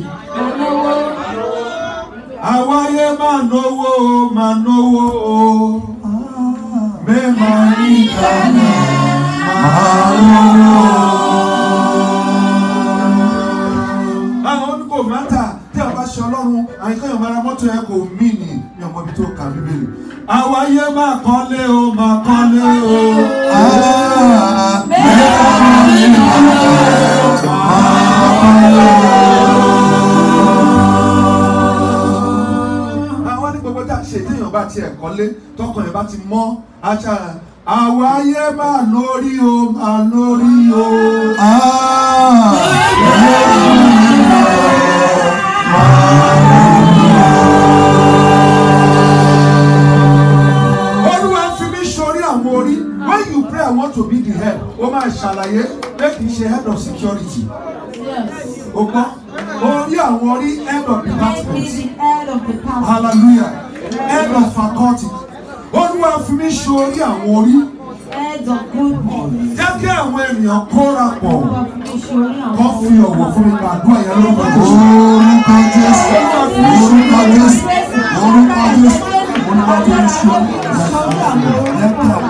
àwa yẹ máa náwó máa náwó mẹ́ẹ̀mà ní dalẹ̀ máa lówó. ọlọ́run àìkọ́yọ̀ mara mọ́tò ẹ kò mí ni mi ò mọ ibi tó kà bíbélì. àwọn ayé máa kọ́lé o máa kọ́lé o. mẹ́ta ní gbogbo tá a ṣe téèyàn bá tiẹ̀ kọ́lé tọkàn ẹ̀ bá ti mọ́ ajá àwọn ayé máa lórí o máa lórí o. mẹ́ta mi olúwa fi mí sórí àwọn orí when you pray I want to be the head o máa ṣàlàyé pé kì head of security o gbọ́ orí àwọn orí head of department hallelujah head of faculty olúwa fi mí sórí àwọn orí. Jẹ́ kí àwọn ènìyàn kóra pọ̀ kọ́ fi ọ̀wọ̀ fún mi gbàdúrà yẹn lọ́wọ́. Orúkọ Jésù, orúkọ Jésù, orúkọ Jésù, orúkọ Jésù, jẹ́ kí àwọn ọ̀nà ọjọ́ máa tó sì ọ̀nà. Àwọn ìwé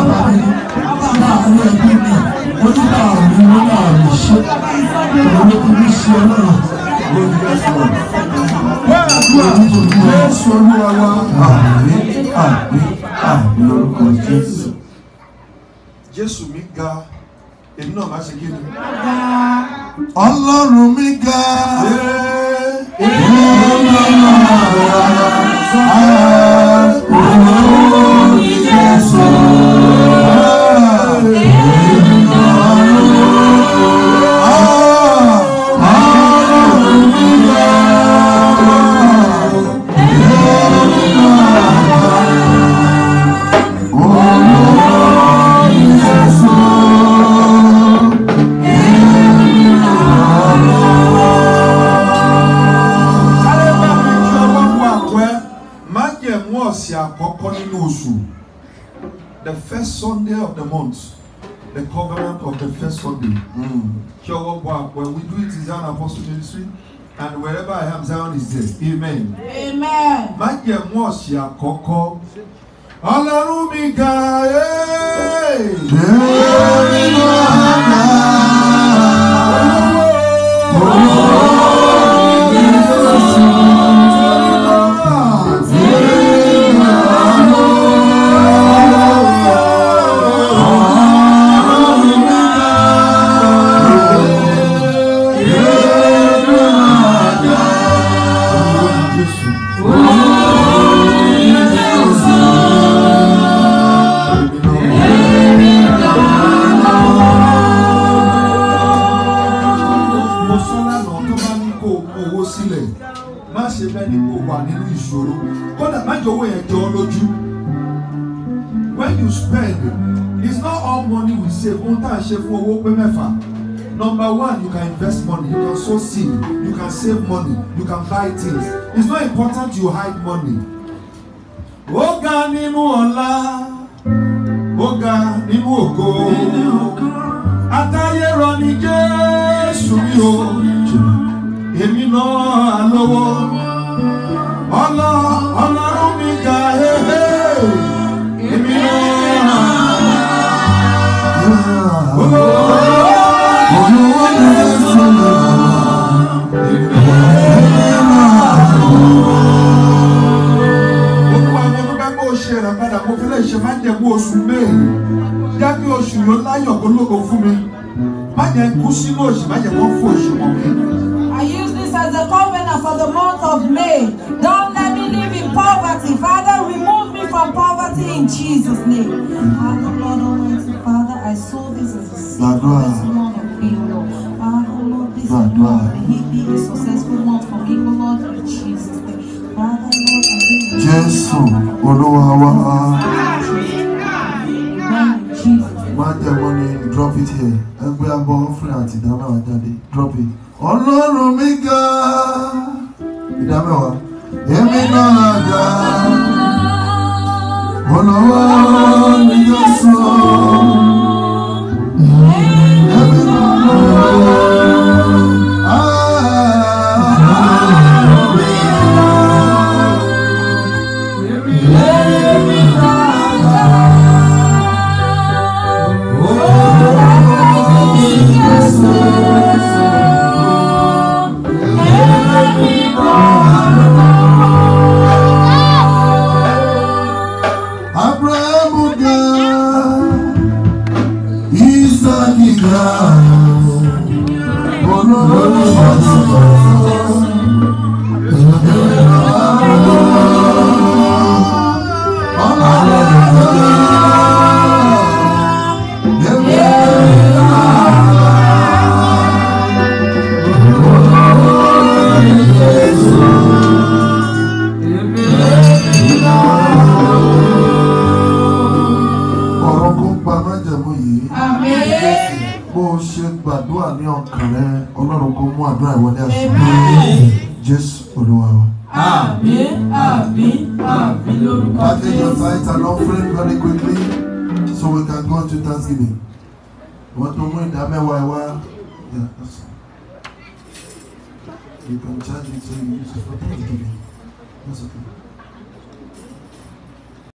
àbá mi láàárín ẹbí mi, ó ní láàárín wọn láàárín ṣe. Àwọn ọmọ kìíní ṣe ọlọ́run. Jésù olúwa wa àmín àmín àmín lórúkọ mi ga, èmi náà máa ṣe kí Ọlọ́run mi ga, ìrọ̀lọ́run àwa, àwa, òun ni Jésù. the month, the covenant of the first Sunday. Mm. When we do it in Zion Apostle Ministry, and wherever I am, Zion is there. Amen. Amen. Má jẹ́ mú ọ̀sẹ̀ àkọ́kọ́. Ọlọ́run mi ga ẹ́. Ọlọ́run mi ga ẹ́. sílẹ̀ má ṣe bẹ́ẹ̀ kò wà nínú ìṣòro kódà má jẹ́ owó yẹn jọ ọ́ lójú when you spend it's not all money we save ohun tá a ṣe fún owó pé mẹ́fà number one you can invest money you can sow seed you can save money you can buy things it's not important you hide money. ó ga nínú ọlá ó ga nínú ògo àtayé rọ ní Jésù mi o èmi náà lọ́wọ́ ọlọ ọlọ́run mi ga hehe èmi náà lọ́wọ́. padà mo fi lè ṣe máa ń jẹ̀bú oṣù May jẹ́ kí oṣù yóò láyọ̀ kó lóko fún mi má jẹ́ kú sínú oṣù má jẹ́ kó fún oṣù mọ́ mi as a covenant for the month of May. Don't let me live in poverty. Father, remove me from poverty in Jesus' name. Father, Lord Almighty, Father, I saw this as a seed for this month of May, Lord. Father, oh Lord, this month, may he be a successful month for me, oh Lord, in Jesus' name. Father, Lord, I thank you. Jésù, Olúwa wa. Máa jẹ́ wọ́n ní drop it here. Ẹgbẹ́ abọ́ fún àtìdá náà jáde. Drop it ọlọ́run mi ga ìdámẹ́wàá èmi náà ga ọlọ́wọ́ mi yóò sọ.